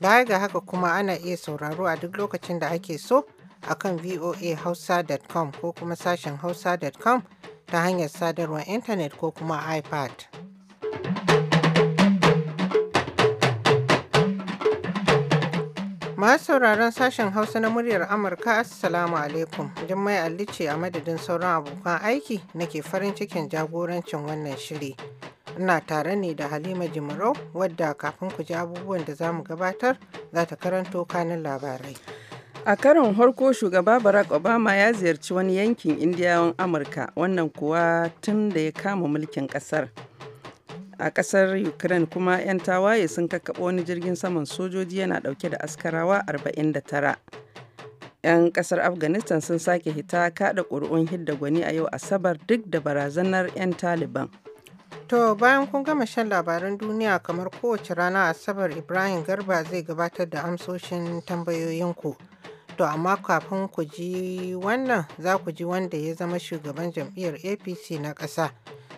Baya ga haka kuma ana iya sauraro a duk lokacin da ake so a kan voahausa.com ko kuma sashen hausa.com ta hanyar sadarwar intanet ko kuma iPad. Masu sauraron sashen Hausa na muryar Amurka Assalamu alaikum. Jummai Ali ce a madadin sauran abokan aiki nake farin cikin jagorancin wannan shiri. Ina tare ne da Halima Jimarau wadda kafin ku ji abubuwan da za mu gabatar za ta karanto kanin labarai. A karon harko shugaba Barack Obama ya ziyarci wani yankin Indiyawan Amurka wannan kuwa tun da ya kama mulkin kasar. a kasar ukraine kuma 'yan tawaye sun kakaɓo wani jirgin saman sojoji yana ɗauke da askarawa 49 'yan kasar afghanistan sun sake hita kada ƙuri'un hidda gwani a yau asabar duk da barazanar 'yan taliban to bayan kun gama shan labaran duniya kamar kowace rana asabar ibrahim garba zai gabatar da amsoshin tambayoyinku to amma kafin ku ji wannan za ku ji wanda ya zama shugaban jam'iyyar apc na ƙasa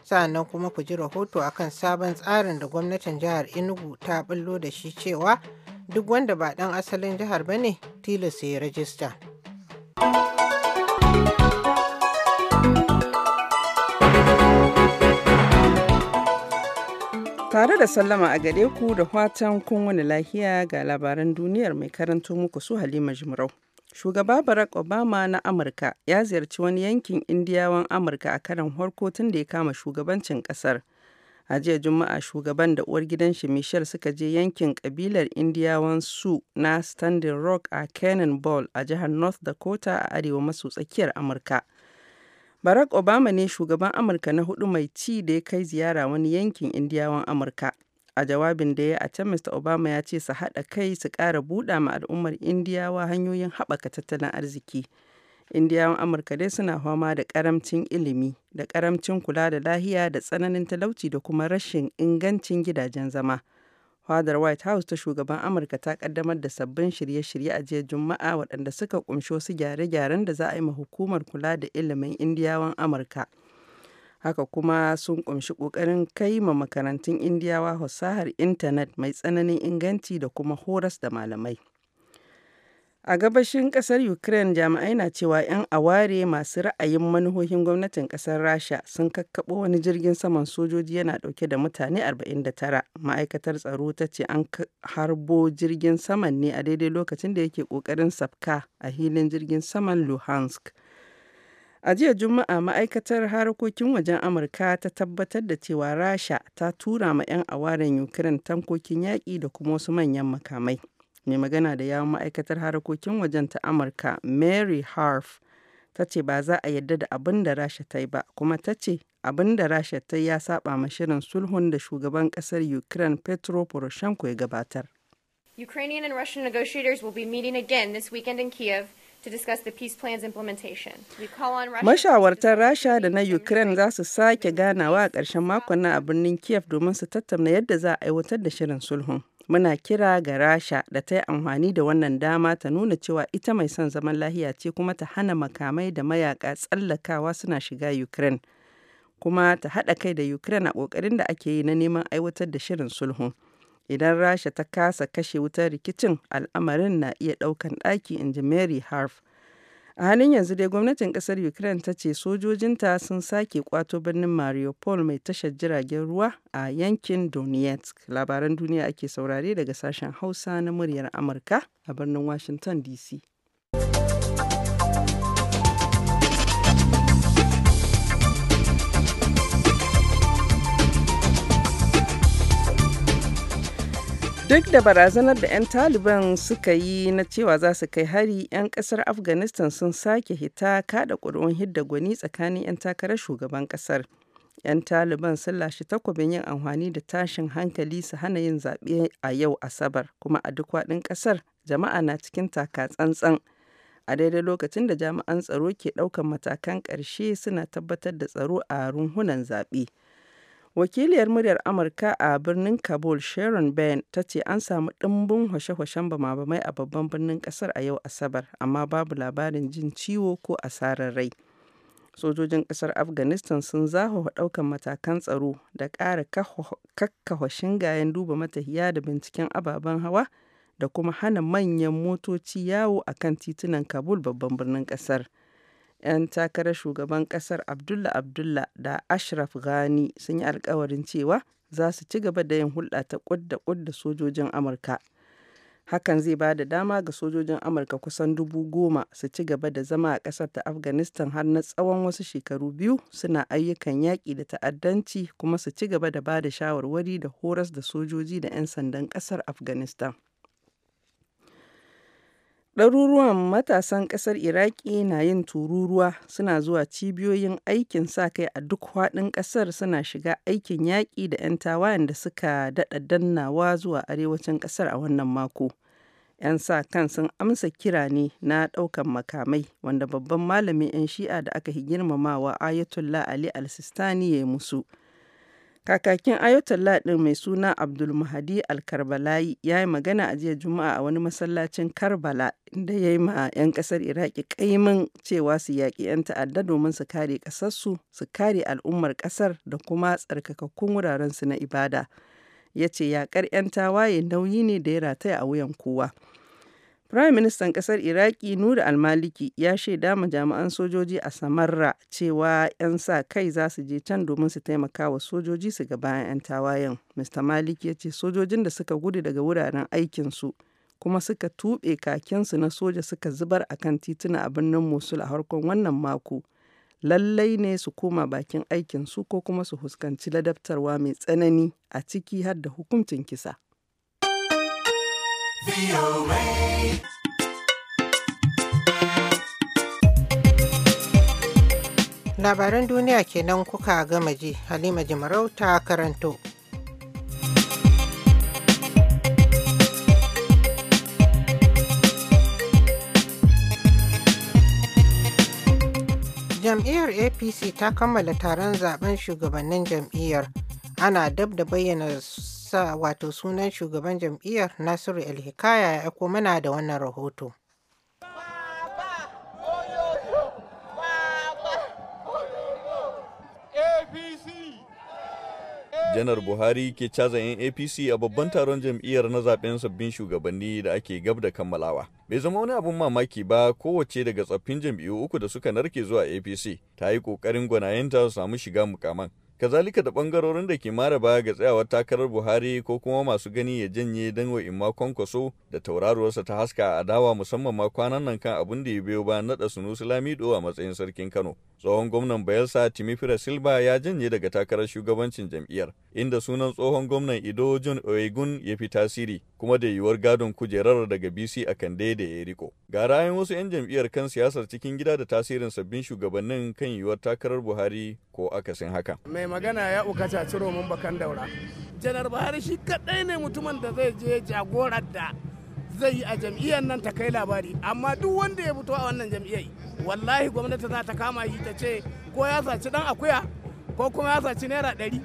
sannan kuma ku ji rahoto akan sabon tsarin da gwamnatin jihar Enugu ta bullo da shi cewa duk wanda ba ɗan asalin jihar ba ne tilas ya rajista. Tare da sallama a gare ku da fatan kun wani lahiya ga labaran duniyar mai karanto muku su Halima Jimrau. Shugaba Barack Obama na Amurka ya ziyarci wani yankin Indiyawan Amurka a karon harko tun da ya kama shugabancin ƙasar A jiya Juma'a shugaban da uwar gidanshi Michelle suka je yankin ƙabilar Indiyawan su na Standing Rock a Ball a jihar North Dakota a arewa maso tsakiyar Amurka. Barack Obama ne shugaban Amurka na hudu mai ci da ya kai ziyara wani yankin Indiyawan Amurka. a jawabin da ya a can Mr. Obama ya ce su haɗa kai su ƙara buɗa ma al'ummar Indiyawa hanyoyin haɓaka tattalin arziki. Indiyawan Amurka dai suna fama da ƙaramcin ilimi, da ƙaramcin kula da lahiya, da tsananin talauci da kuma rashin ingancin gidajen zama. Fadar White House ta shugaban Amurka ta ƙaddamar da sabbin shirye-shirye a jiya Juma'a waɗanda suka ƙunsho su gyare-gyaren da za a yi ma hukumar kula da ilimin Indiyawan Amurka. haka kuma sun ƙumshi ƙoƙarin kai ma makarantun indiyawa fasahar intanet mai tsananin inganci da kuma horas da malamai a gabashin kasar ukraine jami'ai na cewa 'yan aware masu ra'ayin manuhohin gwamnatin kasar rasha sun kakkaɓo wani jirgin saman sojoji yana ɗauke da mutane 49 ma'aikatar tsaro ta ce an harbo jirgin saman ne a daidai lokacin da yake ƙoƙarin safka a hilin jirgin saman luhansk A jiya Juma'a ma'aikatar harkokin wajen Amurka ta tabbatar da cewa Rasha ta tura ma 'yan awaren Ukraine tankokin yaƙi da kuma wasu manyan makamai. Mai magana da yawon ma'aikatar harkokin wajen ta Amurka Mary Harf ta ce ba za a yarda da abin da Rasha ta yi ba kuma ta ce abin da Rasha ta yi ya saba ma shirin sulhun da shugaban ƙasar Ukraine Petro Poroshenko ya gabatar. Ukrainian and Russian negotiators will be meeting again this weekend in Kiev Mashawartar Rasha da na Ukraine za su sake ganawa a ƙarshen makon nan a birnin Kiev domin su tattauna yadda za a aiwatar da shirin sulhun. Muna kira ga Rasha da ta yi amfani da wannan dama ta nuna cewa ita mai son zaman lahiya ce kuma ta hana makamai da mayaka tsallakawa suna shiga Ukraine. Kuma ta haɗa kai da Ukraine a ƙoƙarin da ake yi na neman aiwatar da shirin sulhun. Idan Rasha ta kasa kashe wutar rikicin, al'amarin na iya daukan daki in ji Mary Harf. A halin yanzu dai gwamnatin kasar Ukraine ta ce sojojinta sun sake kwato birnin Mariupol mai tashar jiragen ruwa a yankin Donetsk. Labaran duniya ake saurare daga sashen Hausa na muryar Amurka a birnin Washington DC. Duk da barazanar da 'yan Taliban suka yi na cewa za su kai hari, 'yan kasar Afghanistan sun sake hita kada ƙuri'un hidda gwani tsakanin 'yan takarar shugaban kasar. 'Yan Taliban sun lashe takwabin yin amfani da tashin hankali su hana yin zaɓe a yau Asabar, kuma a duk waɗin ƙasar jama'a na cikin taka tsantsan. A daidai lokacin da jami'an tsaro ke ɗaukan matakan ƙarshe suna tabbatar da tsaro a runhunan zaɓe. Wakiliyar muryar Amurka a birnin Kabul, Sharon Bean, ta ce an samu ɗimbin hwashe-hwashen bamabamai a babban birnin ƙasar a yau Asabar, amma babu labarin jin ciwo ko asarar rai. Sojojin ƙasar Afghanistan sun zaho ɗaukan matakan tsaro da ƙara kakkawa shingayen duba matahiya da binciken ababen hawa da kuma hana manyan motoci yawo a kan titunan Kabul babban birnin ƙasar. 'yan takarar shugaban kasar Abdullah Abdullah da Ashraf Ghani sun yi alkawarin cewa za su ci gaba da yin hulɗa ta kud da sojojin Amurka. Hakan zai ba da dama ga sojojin Amurka kusan dubu goma su ci gaba da zama a ƙasar ta Afghanistan har na tsawon wasu shekaru biyu suna ayyukan yaƙi da ta'addanci kuma su ci gaba da ba da shawarwari da horas da sojoji da 'yan sandan ƙasar Afghanistan. Ɗaruruwan matasan ƙasar Iraki na yin tururuwa, suna zuwa cibiyoyin aikin sa-kai a duk faɗin ƙasar suna shiga aikin yaƙi da 'yan tawayen da suka daɗa dannawa zuwa arewacin ƙasar a wannan mako. 'Yan sa-kan sun amsa kira ne na ɗaukan makamai, wanda babban malamin 'yan Shi'a da aka yi girmamawa Ayatollah Ali al-Sistani ya yi musu. Kakakin Ayatollah ɗin mai suna Abdulmahdi al karbalayi ya yi magana a jiya Juma'a a wani masallacin Karbala da ya yi ma 'yan ƙasar Iraki ƙaimin cewa su yaƙi 'yan ta'adda domin su kare ƙasarsu, su kare al'ummar ƙasar da kuma tsarkakakkun wurarensu na ibada. Ya ce yaƙar 'yan tawaye nauyi ne da ya rataya a wuyan kowa. ministan ƙasar Iraki Nuri al-Maliki ya shaida ma jami'an sojoji a Samarra cewa 'yan sa kai za su je can domin su taimaka wa sojoji su ga bayan 'yan tawayen. Mr. Maliki ya ce sojojin da suka gudu daga wuraren aikinsu kuma suka tuɓe kakensu na soja suka zubar a kan tituna a birnin Mosul a harkon wannan mako. Lallai ne su koma bakin aikinsu ko kuma su fuskanci ladabtarwa mai tsanani a ciki har da hukuncin kisa. Labaran duniya kenan kuka gama ji Halima Jimarau ta karanto. jam'iyyar apc ta kammala taron zaben shugabannin jam'iyyar ana dab da bayyana sa wato sunan shugaban jam'iyyar Nasiru Elhikaya ya aiko mana da wannan rahoto. janar buhari ke caza 'yan apc a babban taron jam'iyyar na zaben sabbin shugabanni da ake gab da kammalawa bai zama wani abun mamaki ba kowace daga tsaffin jam'iyyu uku da suka narke zuwa apc ta yi ƙoƙarin gwanayenta su samu shiga mukaman kazalika da bangarorin da ke mara baya ga tsayawar takarar buhari ko kuma masu gani ya janye don wa imma kwankwaso da tauraruwarsa ta haska a adawa musamman ma kwanan nan kan abin da ya biyo bayan naɗa sunusu lamido a matsayin sarkin kano tsohon gwamnan bayelsa timifira silba ya janye daga takarar shugabancin jam'iyyar inda sunan tsohon gwamnan ido john oegun ya fi tasiri kuma da yiwuwar gadon kujerar daga bc a kan da ya riko ga rayan wasu 'yan jam'iyyar kan siyasar cikin gida da tasirin sabbin shugabannin kan yiwuwar takarar buhari ko akasin haka mai magana ya ukaca ciro mun bakan daura janar buhari shi kaɗai ne mutumin da zai je jagorar da zai yi a jam'iyyar nan ta kai labari amma duk wanda ya fito a wannan jam'iyyar wallahi gwamnati za ta kama shi ta ce ko ya saci dan akuya ko kuma ya saci naira ɗari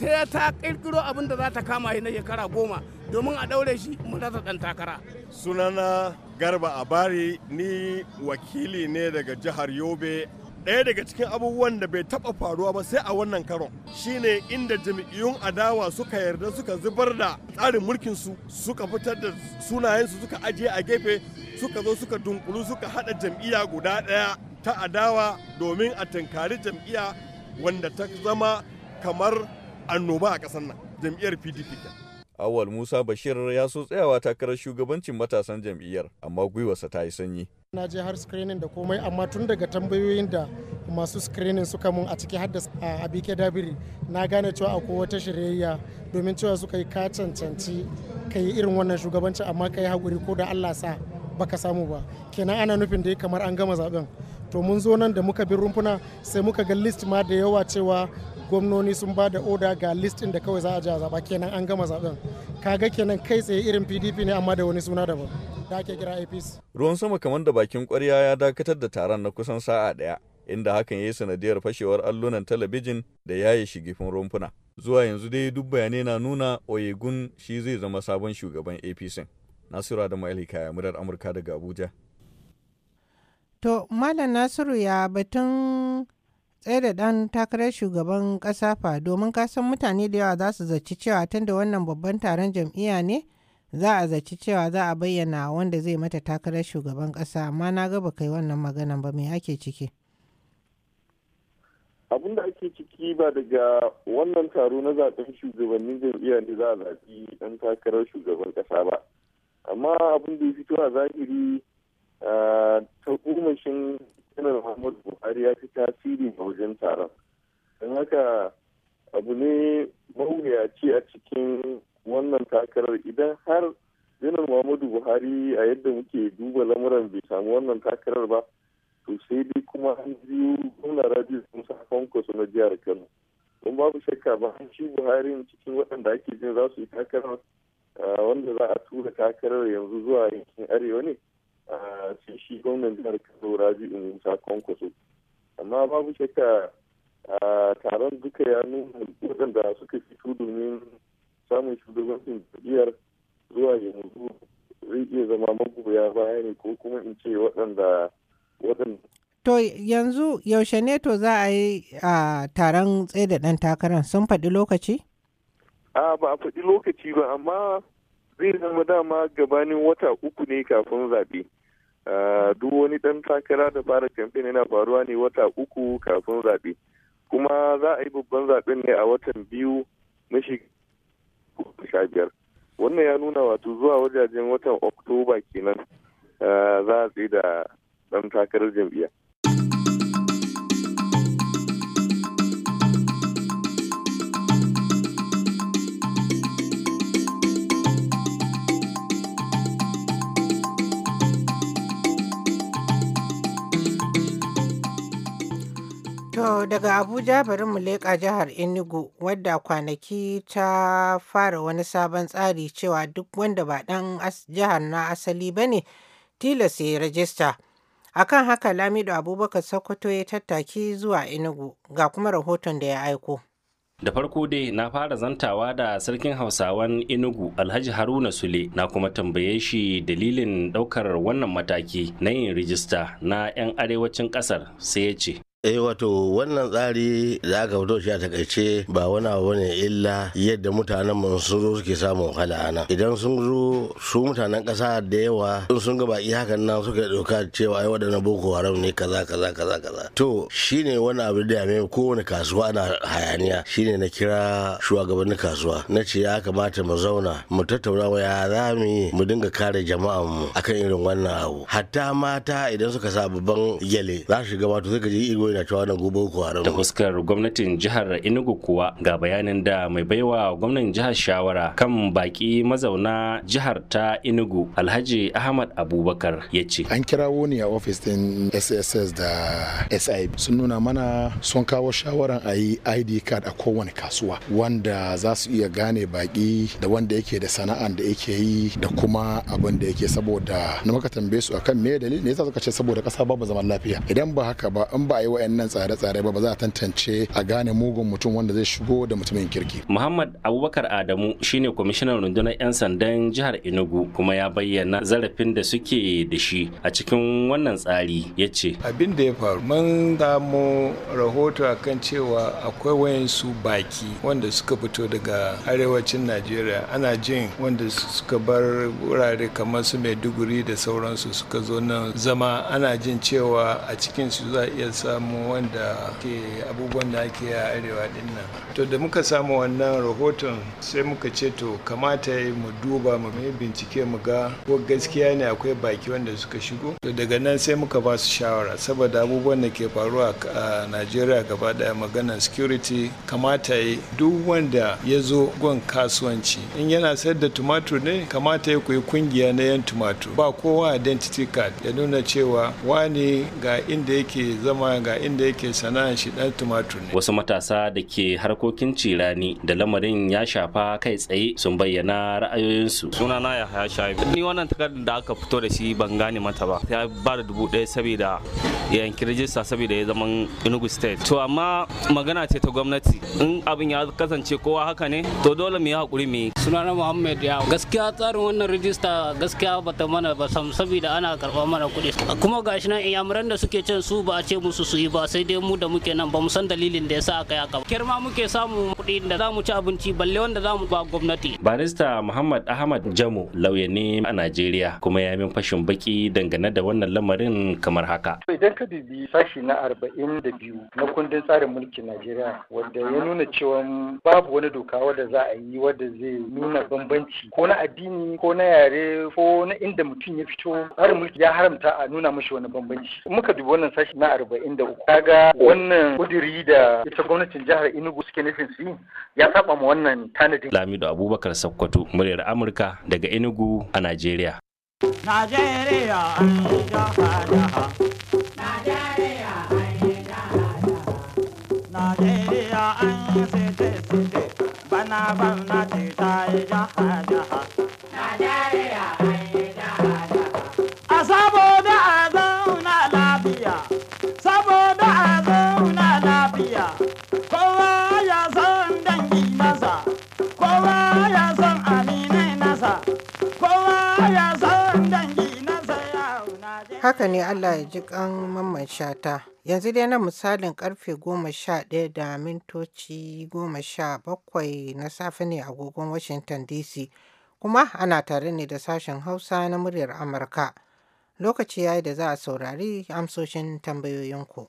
ta ta kirkiro abin da za ta kama shi na shekara goma domin a daure shi mu rasa dan takara sunana garba abari ni wakili ne daga jihar yobe ɗaya daga cikin abubuwan da bai taɓa faruwa ba sai a wannan karon shine inda jam'iyyun adawa suka yarda suka zubar da tsarin mulkin su suka fitar da sunayen su suka ajiye a gefe suka zo suka dunkulu suka hada jam'iyya guda ɗaya ta adawa domin a tunkari jam'iyya wanda ta zama kamar annoba a ƙasar nan jam'iyyar pdp Awal Musa Bashir ya so tsayawa takarar shugabancin matasan jam'iyyar amma gwiwarsa ta yi sanyi. Na je har screening da komai amma tun daga tambayoyin da masu screening suka mun a ciki hadda a Abike Dabiri na gane cewa akwai wata shirayya domin cewa suka yi ka cancanci ka yi irin wannan shugabanci amma ka yi haƙuri ko da Allah sa baka samu ba kenan ana nufin da ya kamar an gama zaben to mun zo nan da muka bi rumfuna sai muka ga list ma da yawa cewa gwamnoni sun ba da oda ga list da kawai za a ji a zaba kenan an gama zaben kaga kenan kai tsaye irin pdp ne amma da wani suna daban da ake kira apc ruwan sama kamar da bakin kwarya ya dakatar da taron na kusan sa'a daya inda hakan ya yi sanadiyar fashewar allunan talabijin da ya yi shigifin rumfuna zuwa yanzu dai duk bayanai na nuna oyegun shi zai zama sabon shugaban apc nasiru adamu ya murar amurka daga abuja to malam nasiru ya batun tsaye da ɗan takarar shugaban ƙasa fa domin kasan mutane da yawa za su zaci cewa tun da wannan babban taron jam'iyya ne za a zaci cewa za a bayyana wanda zai mata takarar shugaban ƙasa amma na ga ba kai wannan maganan ba me ake ciki abin da ake ciki ba daga wannan taro na zaben shugabannin jam'iyya ne za a zaɓi dan takarar shugaban ƙasa ba amma abin da ya fito a zahiri ah, ta umashin janar muhammadu buhari ya fi tasiri a wajen taron don haka abu ne mawuyaci a cikin wannan takarar idan har janar muhammadu buhari a yadda muke duba lamuran bai samu wannan takarar ba to sai dai kuma an biyu gwamna rabiu musa kwankwaso na jihar kano don babu shakka ba an shi buhari cikin waɗanda ake jin za su yi takarar ah, wanda za a tura takarar yanzu zuwa yankin arewa ne ah, shi gwamnan jihar kano rabi'u musa kwankwaso amma babu shakka taron duka ya nuna waɗanda suka fito domin samun shugabancin jam'iyyar zuwa yanzu zai iya zama magoya baya ne ko kuma in ce waɗanda waɗanda To yanzu yaushe ne to za a yi a taron tsaye da ɗan takarar sun faɗi lokaci? A ba a faɗi lokaci ba amma zai zama dama gabanin wata uku ne kafin zaɓe. Eh, duk wani dan takara da fara kamfen yana faruwa ne wata uku kafin zaɓe kuma za a yi babban zaɓen ne a watan biyu na shekara biyar wannan ya nuna wato zuwa wajajen watan oktoba kenan eh, za a tsaye da dan takarar jam'iyya daga Abuja bari mu leƙa jihar Enugu wadda kwanaki ta fara wani sabon tsari cewa duk wanda ba ɗan jihar na asali ba ne tilas ya rajista. Akan haka Lamido Abubakar Sokoto ya tattaki zuwa Enugu ga kuma rahoton da ya aiko. da farko dai na fara zantawa da sarkin hausawan enugu alhaji haruna sule na kuma tambaye shi dalilin daukar wannan mataki na yin rijista na 'yan arewacin kasar sai ya ce eh wato wannan tsari da aka fito shi a takaice ba wani abu bane illa yadda mutanen mu sun zo suke samun wahala a nan idan sun zo su mutanen kasa da yawa in sun ga baki hakan nan suka doka cewa ai waɗannan boko haram ne kaza kaza kaza kaza to shine wani abu da mai kowane kasuwa na hayaniya shine na kira shugabannin kasuwa na ce ya kamata mu zauna mu tattauna wa ya za mu yi mu dinga kare jama'an mu akan irin wannan abu hatta mata idan suka sa babban yale za su shiga wato suka je kawai na cewa gobe ko da fuskar gwamnatin jihar inugu kuwa ga bayanin da mai baiwa gwamnan jihar shawara kan baki mazauna jihar ta Enugu Alhaji Ahmad Abubakar ya ce an kirawo ni a ofis din SSS da SIB sun nuna mana sun kawo shawaran a yi ID card a kowane kasuwa wanda za su iya gane baki da wanda yake da sana'an da yake yi da kuma abin da yake saboda na maka tambaye su akan me dalili ne yasa suka ce saboda kasa babu zaman lafiya idan ba haka ba in ba a yi wa wayannan tsare-tsare ba ba za a tantance a gane mugun mutum wanda zai shigo da mutumin kirki Muhammad Abubakar Adamu shine kwamishinan rundunar 'yan sandan jihar Enugu kuma ya bayyana zarafin da suke da shi a cikin wannan tsari ya ce abin da ya faru mun samu rahoto akan cewa akwai wayansu baki wanda suka fito daga arewacin Najeriya ana jin wanda suka bar wurare kamar su Maiduguri da sauransu suka zo nan zama ana jin cewa a cikin su za a iya samu mu wanda ke abubuwan da ake a arewa dinnan to da muka samu wannan rahoton sai muka ce to kamata mu duba mu yi bincike mu ga ko gaskiya ne akwai baki wanda suka shigo to daga nan sai muka ba su shawara saboda abubuwan da ke faruwa a najeriya gaba daya maganar security kamata yi duk wanda ya zo gon kasuwanci in yana sayar da tumatur ne kamata ya koyi kungiya na yan tumatur ba kowa identity card ya nuna cewa wani ga inda yake zama ga inda yake sana'a shi ɗan tumatur ne wasu matasa da ke harkokin cirani da lamarin ya shafa kai tsaye sun bayyana ra'ayoyinsu suna na ya haya ni wannan takardar da aka fito da shi ban gane mata ba ya ba da dubu ɗaya saboda yankin rajista saboda ya zama Enugu state to amma magana ce ta gwamnati in abin ya kasance kowa haka ne to dole mu yi hakuri mu sunana Muhammad ya gaskiya tsarin wannan rajista gaskiya bata mana ba sam saboda ana karɓa mana kuɗi kuma gashi nan iyamuran da suke cin su ba a ce musu su yi ba sai dai mu da muke nan ba mu san dalilin da yasa aka yaka kirma muke samun kuɗi da za mu ci abinci balle wanda za mu ba gwamnati barista Muhammad Ahmad Jamo lauya ne a Najeriya kuma ya min fashin baki dangane da wannan lamarin kamar haka ka bibi sashi na arba'in da biyu na kundin tsarin mulkin Najeriya wanda ya nuna cewa babu wani doka wadda za a yi wadda zai nuna bambanci ko na addini ko na yare ko na inda mutum ya fito tsarin mulki ya haramta a nuna mashi wani bambanci. Muka dubi wannan sashi na arba'in da uku. Kaga wannan kudiri da ita gwamnatin jihar Enugu suke nufin su yi ya saba ma wannan tanadin. Lamido Abubakar Sakkwato muryar Amurka daga Enugu a Najeriya. Najeriya an jaha jaha. bana not ta ja Haka ne Allah ya ji kan mamman shata. Yanzu dai na misalin karfe goma sha ɗaya da mintoci goma sha bakwai na safe ne a agogon Washington DC. Kuma ana tare ne da sashen Hausa na muryar Amurka. Lokaci ya yi da za a saurari amsoshin tambayoyinku.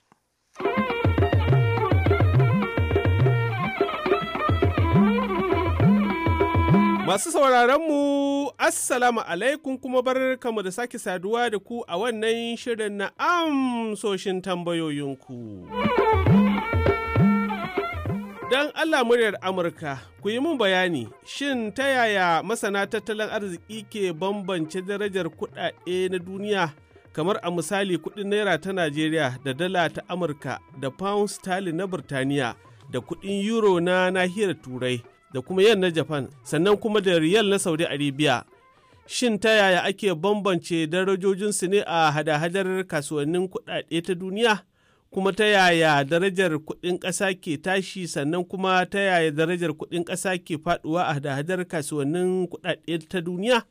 Masu sauraron mu Assalamu alaikum kuma mu da sake saduwa da ku a wannan shirin na amsoshin tambayoyinku. Don Allah muryar Amurka, ku yi mun bayani, shin ta yaya masana tattalin arziki ke bambance darajar kuɗaɗe na duniya kamar a misali kuɗin naira ta Najeriya da dala ta Amurka da pound sterling na Burtaniya da kuɗin euro na nahiyar Turai. da kuma yan na Japan sannan kuma da riyal na Saudi Arabia Shin ta yaya ake bambance darajojinsu ne a hada-hadar kasuwannin kuɗaɗe ta duniya? Kuma ta yaya darajar kuɗin ƙasa ke tashi sannan kuma ta yaya darajar kuɗin ƙasa ke faɗuwa a hada-hadar kasuwannin kuɗaɗe ta duniya?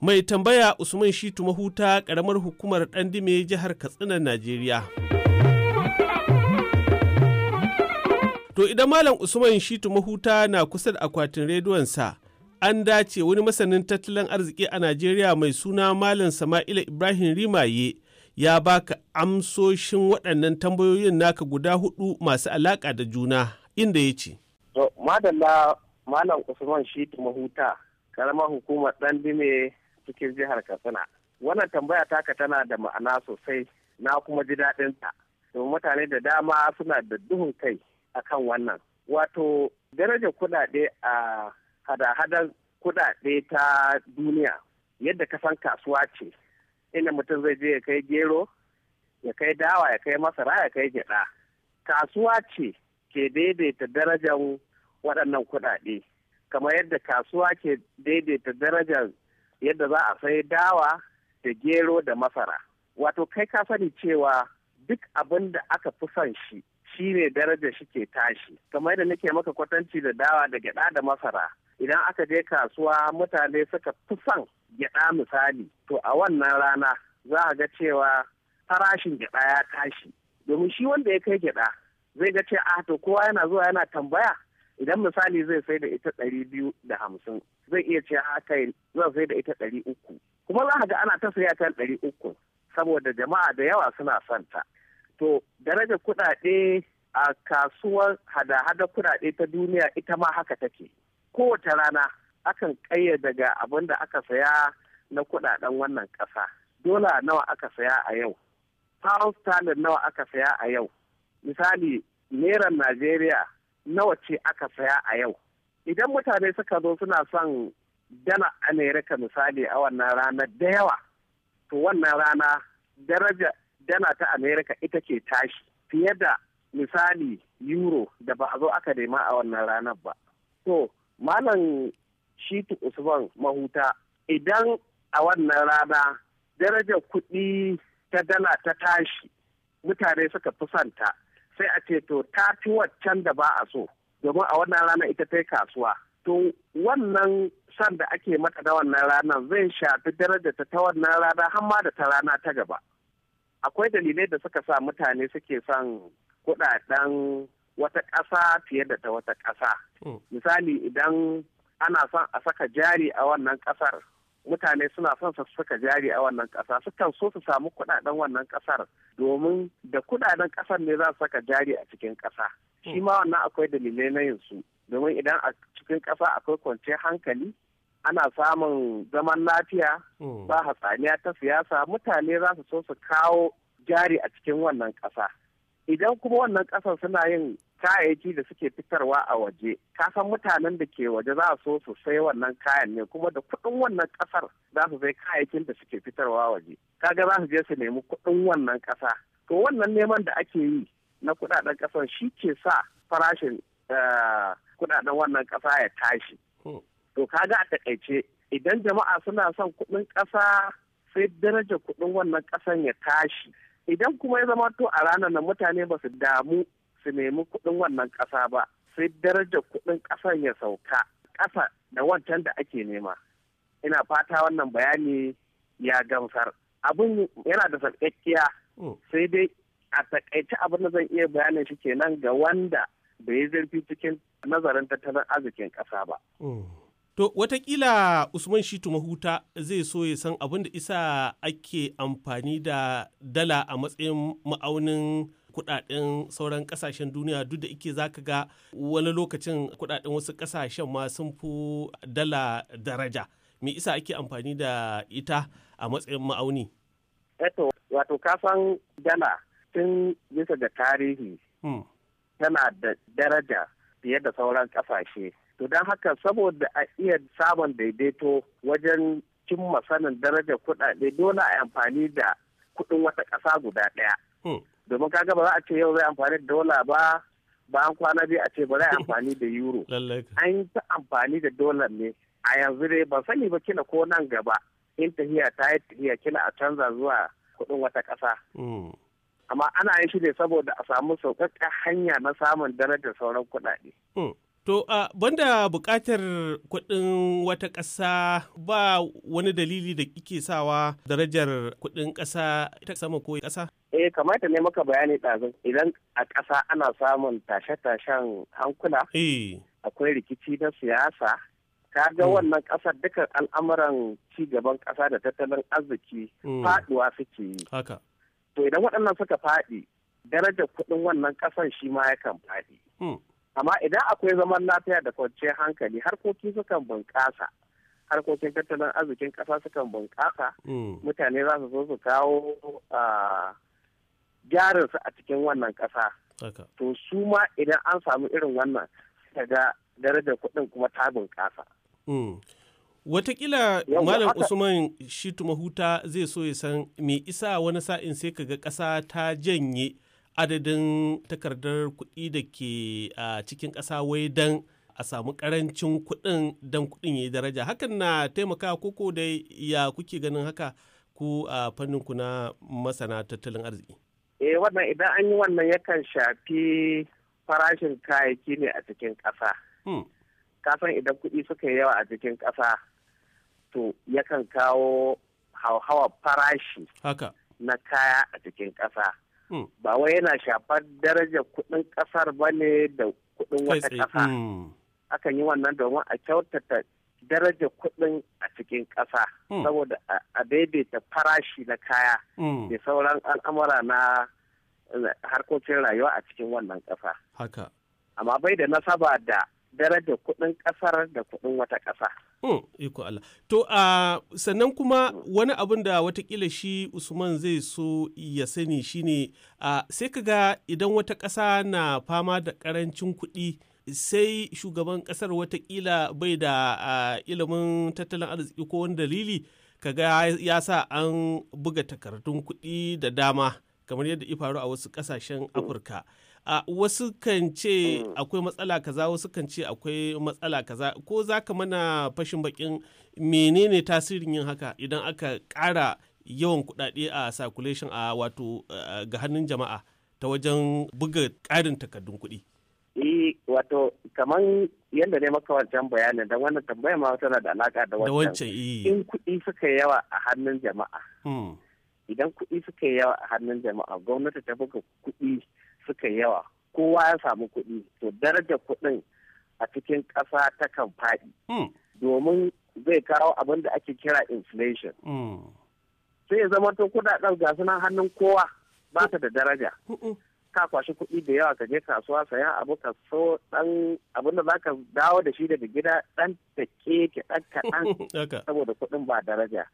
Mai tambaya Usman Shitu Mahuta ƙaramar hukumar Ɗandime jihar Katsina, Najeriya. To idan Malam Usman Shitu Mahuta na kusa da akwatin rediyonsa. an dace wani masanin tattalin arziki a Najeriya mai suna Malam Sama'ila Ibrahim Rimaye ya baka amsoshin waɗannan tambayoyin naka guda hudu masu alaƙa da juna inda ya ce. Madalla Malam Usman Shitu Mahuta, karamar hukumar ɗan cikin jihar Katsina. Wannan tambaya taka tana da ma'ana sosai na kuma ji daɗinta. Domin mutane da dama suna da duhun kai akan wannan. Wato, darajar kuɗaɗe a hada-hadar kudade ta duniya yadda kasan kasuwa ce inda mutum zai je ya kai gero ya kai dawa ya kai masara ya kai gyada kasuwa ce ke daidaita darajar waɗannan kudade kamar yadda kasuwa ke daidaita darajar yadda za a sai dawa da gero da masara wato kai ka sani cewa duk abin da aka fi son shi shi ne darajar shi ke tashi kamar yadda nake maka kwatanci da dawa da gyada da masara idan aka je kasuwa mutane suka fi son gyaɗa misali to a wannan rana za a ga cewa farashin gyaɗa ya tashi domin shi wanda ya kai gyaɗa zai ga ce a ah, to kowa yana zuwa yana tambaya idan misali zai sai da ita ɗari biyu da hamsin zai iya ce haka ah, zan sai da ita ɗari uku kuma za a ga ana ta saya kan ɗari uku saboda jama'a da yawa suna son ta to darajar kuɗaɗe a kasuwar hada-hada kuɗaɗe ta duniya ita ma haka take kowace rana akan ƙayyade daga abin da aka saya na kudaden wannan ƙasa dola nawa aka saya a yau pound sterling nawa aka saya a yau misali neran najeriya nawa ce aka saya a yau idan mutane suka zo suna son dala amerika misali a wannan rana da yawa to wannan rana daraja dana ta amerika ita ke tashi fiye da misali euro da ba a zo aka nema a wannan ranar ba to malam shitu usman mahuta idan a wannan rana darajar kuɗi ta dala ta tashi mutane suka fi santa sai a ce to ta fi waccan da ba a so domin a wannan rana ita ta yi kasuwa to wannan san da ake mata da wannan rana zai shafi darajarta ta wannan rana har ma da ta rana ta gaba akwai dalilai da suka sa mutane suke son kuɗaɗen wata ƙasa fiye da ta wata ƙasa. Hmm. Misali idan ana son a saka jari a wannan ƙasar mutane suna son su saka jari a wannan ƙasa sukan so su samu kuɗaɗen wannan ƙasar domin da kuɗaɗen ƙasar ne za su saka jari a cikin ƙasa. Hmm. Shi ma wannan akwai dalilai na yin su domin idan a cikin ƙasa akwai kwance hankali ana samun zaman lafiya hmm. ba hatsaniya ta siyasa mutane za su so su kawo jari a cikin wannan ƙasa. idan kuma wannan ƙasar suna yin kayayyaki da suke fitarwa a waje kasan mutanen da ke waje za so su sai wannan kayan ne kuma da kuɗin wannan kasar za su sai kayayyakin da suke fitarwa a waje kaga za su je su nemi kuɗin wannan ƙasa to wannan neman da ake yi na kuɗaɗen ƙasar shi ke sa farashin eh, kuɗaɗen wannan ƙasa ya tashi hmm. to kaga a takaice idan jama'a suna son kuɗin ƙasa sai darajar kuɗin wannan ƙasan ya tashi idan kuma ya zama to a ranar nan mutane ba su damu su nemi kuɗin wannan ƙasa ba sai darajar kuɗin ƙasan ya sauka ƙasa da wancan da ake nema ina fata wannan bayani ya gamsar abin yana da sarƙaƙƙiya hmm. sai dai a takaice abin da zan iya bayanin shi kenan ga wanda bai yi zurfi cikin nazarin tattalin arzikin ƙasa ba. Hmm. To, watakila Usman Shitu Mahuta zai so ya san abin da isa ake amfani da dala a matsayin ma'aunin kudaden sauran kasashen duniya duk da ike za ka ga wani lokacin kudaden wasu kasashen ma sun fi dala daraja. Me isa ake amfani da ita a matsayin ma'auni? Eto, wato kasan dala tun bisa da tarihi hmm. tana da daraja fiye da sauran kasashe. To don haka saboda a iya samun daidaito wajen cimma sanin darajar kuɗaɗe dole a amfani da kuɗin wata ƙasa guda ɗaya. Hmm. Domin kaga ba za a ce yau zai amfani da dola ba bayan kwana biyu a ce ba zai amfani da euro. An ta amfani da dolar ne a yanzu dai ban sani ba kila ko nan gaba in tahiya ta yi tahiya kila a canza zuwa kuɗin wata ƙasa. Hmm. Amma ana yin shi ne saboda a samu sauƙaƙƙen hanya na samun darajar sauran kuɗaɗe. Hmm. To, uh, banda buƙatar kuɗin wata ƙasa ba wani dalili da kike sawa darajar kuɗin ƙasa ta sama ko ƙasa? Eh, kamata ne maka bayani ɗazin idan a ƙasa ana samun tashe-tashen hankula, eh. akwai rikici na siyasa, ka ga hmm. wannan ƙasar duka al'amuran ci gaban ƙasa da tattalin arziki hmm. faɗuwa suke yi. Haka. To, idan waɗannan suka faɗi, darajar kuɗin wannan ƙasar shi ma yakan faɗi. Hmm. amma idan akwai zaman lafiya da kwanciyar hankali harkoki sukan bunƙasa harkokin tattalin arzikin ƙasa sukan bunƙasa hmm. mutane za su zo su kawo su a cikin wannan ƙasa to su ma idan an samu irin wannan daga darajar kuɗin kuma ta bunƙasa hmm. Watakila Malam Usman shitu mahuta zai so ya san me isa wani sa'in sai kaga ƙasa ta janye adadin takardar kuɗi da ke a cikin ƙasa wai don a samu ƙarancin kuɗin dan kuɗin ya yi daraja hakan na taimaka koko dai ya kuke ganin haka ku a fannin ku na masana tattalin arziki eh wannan idan an yi wannan yakan shafi farashin kayayyaki ne a cikin ƙasa hmm. kasan idan kuɗi suka yi yawa a cikin ƙasa to yakan kawo hauhawar farashi na kaya a cikin ƙasa Mm. ba wai yana shafar daraja kuɗin ƙasar ba ne da kuɗin wata ƙasa mm. akan yi wannan domin a kyautata daraja kuɗin a cikin ƙasa mm. saboda a daidaita farashi na kaya da sauran al'amura na harkokin rayuwa a cikin wannan ƙasa amma bai da nasaba da darajar kuɗin ƙasar da kuɗin wata ƙasa. Hmm, iko Allah. To, sannan kuma wani abin da watakila shi Usman zai so ya sani shi ne sai kaga idan wata ƙasa na fama da ƙarancin kuɗi sai shugaban ƙasar watakila bai da ilimin tattalin arziki ko wani dalili kaga ya sa an buga takardun kuɗi da dama kamar yadda ya faru a wasu ƙasashen Afirka. Mm. Uh, wasu kan ce mm. akwai matsala kaza wasu kan ce akwai matsala kaza ko za ka mana fashin bakin menene tasirin yin haka idan aka ƙara yawan kuɗaɗe a circulation a wato uh, ga hannun jama'a ta wajen buga ƙarin takardun kuɗi. Eh wato kaman yadda ne maka wancan da wannan tambaya ma tana da alaka da wancan. Eh. In kuɗi suka yawa a hannun jama'a. Hmm. Idan kuɗi suka yawa a hannun jama'a gwamnati ta buga kuɗi suka yawa kowa ya samu kuɗi to darajar kuɗin a cikin ƙasa ta kan faɗi hmm. domin zai kawo abin da ake kira inflation hmm. sai ya zama to kuɗaɗen ga hannun kowa ba ta da daraja hmm, ka kwashi kuɗi da yawa ka je kasuwa sayan abu ka so dan abin da za ka dawo da shi daga gida dan da ke dan kaɗan saboda kuɗin ba daraja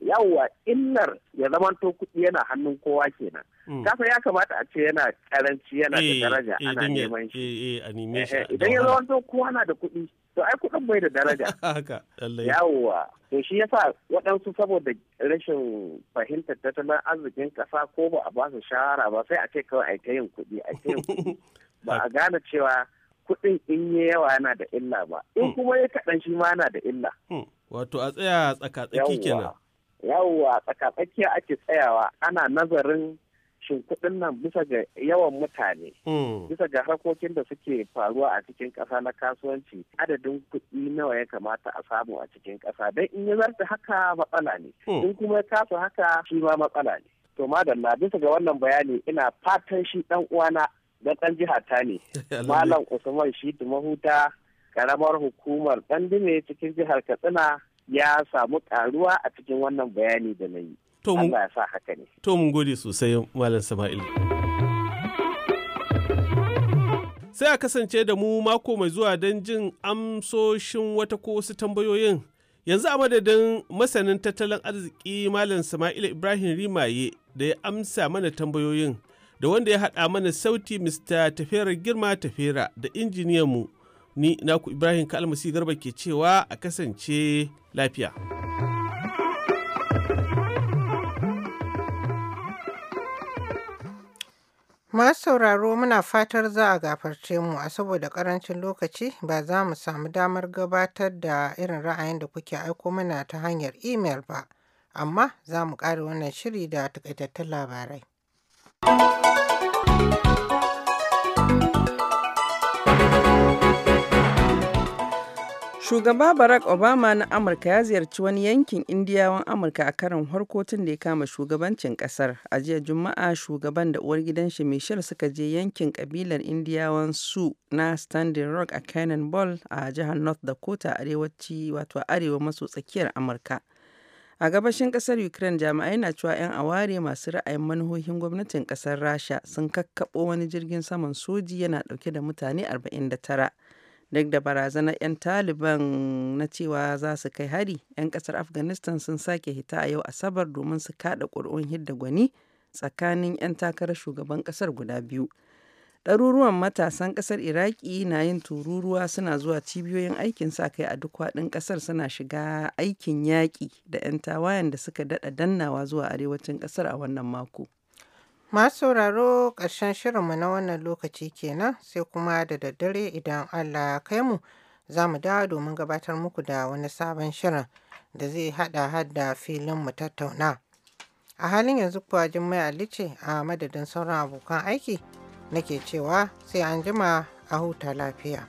yawwa illar ya zamanto kuɗi yana hannun kowa kenan mm. kasa ya kamata a ce yana karanci yana da eh, daraja eh, ana neman shi eh, idan ya to kowa na da kuɗi to ai kuɗin bai da daraja yawwa to shi yasa waɗansu saboda rashin fahimtar tattalin arzikin ƙasa ko ba a ba su shawara ba sai a ce kawai ai ta yin kuɗi ai ta yin kuɗi ba a gane cewa kuɗin in yi yawa yana da illa ba in hmm. kuma ya kaɗan shi ma yana da illa hmm. wato a tsaya tsakatsaki kenan yawwa tsakatsakiya ake tsayawa ana nazarin Shin kuɗin nan bisa ga yawan mutane hmm. bisa ga harkokin da suke faruwa a cikin ƙasa na kasuwanci adadin kuɗi nawa ya kamata a samu a cikin ƙasa don in yi zarta haka matsala ne hmm. in kuma ya kasa haka shi ma matsala ne to madalla bisa ga wannan bayani ina fatan shi ɗan uwana da ɗan jiha ta ne malam usman shi mahuta karamar hukumar ɗan cikin jihar katsina ya samu ƙaruwa a cikin wannan bayani da na yi Allah To mun gode sosai Malam sama'il. Sai a kasance da mu mako mai zuwa don jin amsoshin wata ko wasu tambayoyin. Yanzu a madadin masanin tattalin arziki Malam sama'il Ibrahim Rimaye da ya amsa mana tambayoyin da wanda ya haɗa mana sauti Mr. Tafera Girma Tafera da injiniyanmu ni naku Ibrahim Kalmasi Garba ke cewa a kasance lafiya. Masu sauraro muna fatar za a gafarce mu a saboda ƙarancin lokaci ba za mu samu damar gabatar da irin ra'ayin da kuke aiko mana ta hanyar imel ba, amma za mu ƙara wannan shiri da takaitattun labarai. Shugaba Barack Obama na Amurka ya ziyarci wani yankin Indiyawan Amurka a karin harko da ya kama shugabancin kasar. A jiya Juma'a shugaban da uwar gidan shi Michelle suka je yankin kabilar Indiyawan su na Standing Rock a ball a jihar North Dakota arewaci wato arewa maso tsakiyar Amurka. A gabashin kasar Ukraine jami'ai na cewa 'yan aware masu ra'ayin manuhohin gwamnatin kasar Rasha sun kakkaɓo wani jirgin saman soji yana ɗauke da mutane 49. duk da barazanar 'yan taliban na cewa za su kai hari 'yan kasar afghanistan sun sake hita a yau asabar domin su kada ƙuri'un hidda gwani tsakanin 'yan takarar shugaban kasar guda biyu ɗaruruwan matasan ƙasar iraki na yin tururuwa suna zuwa cibiyoyin aikin sa kai a duk faɗin ƙasar suna shiga aikin yaƙi da 'yan tawayen da suka daɗa dannawa zuwa arewacin ƙasar a wannan mako. Masu sauraro ƙarshen shirinmu na wannan lokaci kenan sai kuma da daddare idan Allah ya kai mu za mu dawo domin gabatar muku da wani sabon shirin da zai haɗa hada filin mu tattauna. A halin yanzu kuwa Jummai Ali ce a madadin sauran abokan aiki nake cewa sai an jima a huta lafiya.